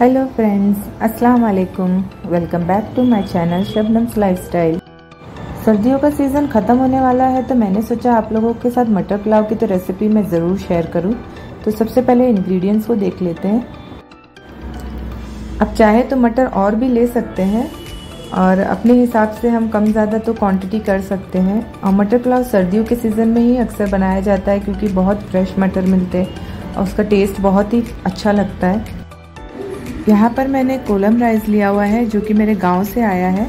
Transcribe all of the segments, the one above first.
hello friends अस्सलाम वालेकुम welcome back to my channel Shabnam's lifestyle सर्दियों का सीज़न ख़त्म होने वाला है तो मैंने सोचा आप लोगों के साथ मटर पुलाव की तो रेसिपी मैं ज़रूर शेयर करूं तो सबसे पहले इंग्रेडिएंट्स को देख लेते हैं आप चाहे तो मटर और भी ले सकते हैं और अपने हिसाब से हम कम ज़्यादा तो क्वान्टिटी कर सकते हैं और मटर पुलाव सर्दियों के सीज़न में ही अक्सर बनाया जाता है क्योंकि बहुत फ्रेश मटर मिलते हैं और उसका टेस्ट बहुत ही अच्छा लगता है यहाँ पर मैंने कोलम राइस लिया हुआ है जो कि मेरे गांव से आया है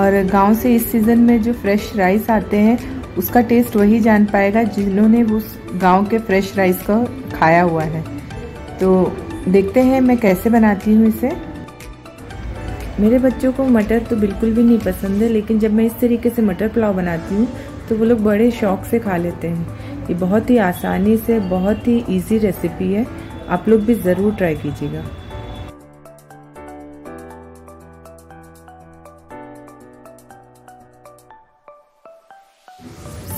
और गांव से इस सीज़न में जो फ्रेश राइस आते हैं उसका टेस्ट वही जान पाएगा जिन्होंने उस गांव के फ्रेश राइस को खाया हुआ है तो देखते हैं मैं कैसे बनाती हूँ इसे मेरे बच्चों को मटर तो बिल्कुल भी नहीं पसंद है लेकिन जब मैं इस तरीके से मटर पुलाव बनाती हूँ तो वो लोग बड़े शौक से खा लेते हैं ये बहुत ही आसानी से बहुत ही ईजी रेसिपी है आप लोग भी ज़रूर ट्राई कीजिएगा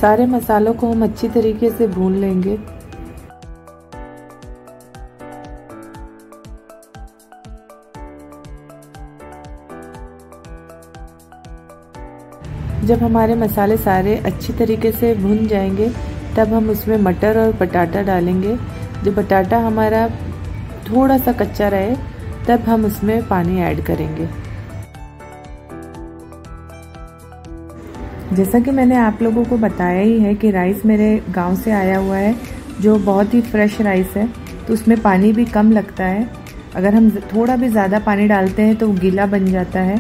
सारे मसालों को हम अच्छी तरीके से भून लेंगे जब हमारे मसाले सारे अच्छी तरीके से भुन जाएंगे तब हम उसमें मटर और बटाटा डालेंगे जो बटाटा हमारा थोड़ा सा कच्चा रहे तब हम उसमें पानी ऐड करेंगे जैसा कि मैंने आप लोगों को बताया ही है कि राइस मेरे गांव से आया हुआ है जो बहुत ही फ्रेश राइस है तो उसमें पानी भी कम लगता है अगर हम थोड़ा भी ज़्यादा पानी डालते हैं तो गीला बन जाता है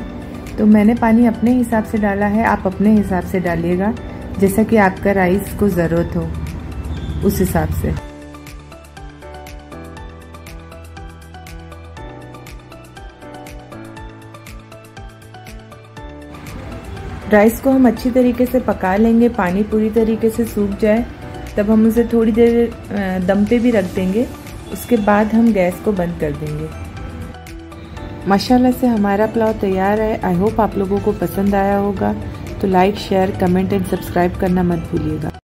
तो मैंने पानी अपने हिसाब से डाला है आप अपने हिसाब से डालिएगा जैसा कि आपका राइस को ज़रूरत हो उस हिसाब से राइस को हम अच्छी तरीके से पका लेंगे पानी पूरी तरीके से सूख जाए तब हम उसे थोड़ी देर दम पे भी रख देंगे उसके बाद हम गैस को बंद कर देंगे माशाल्लाह से हमारा पुलाव तैयार है आई होप आप लोगों को पसंद आया होगा तो like share comment and subscribe करना मत भूलिएगा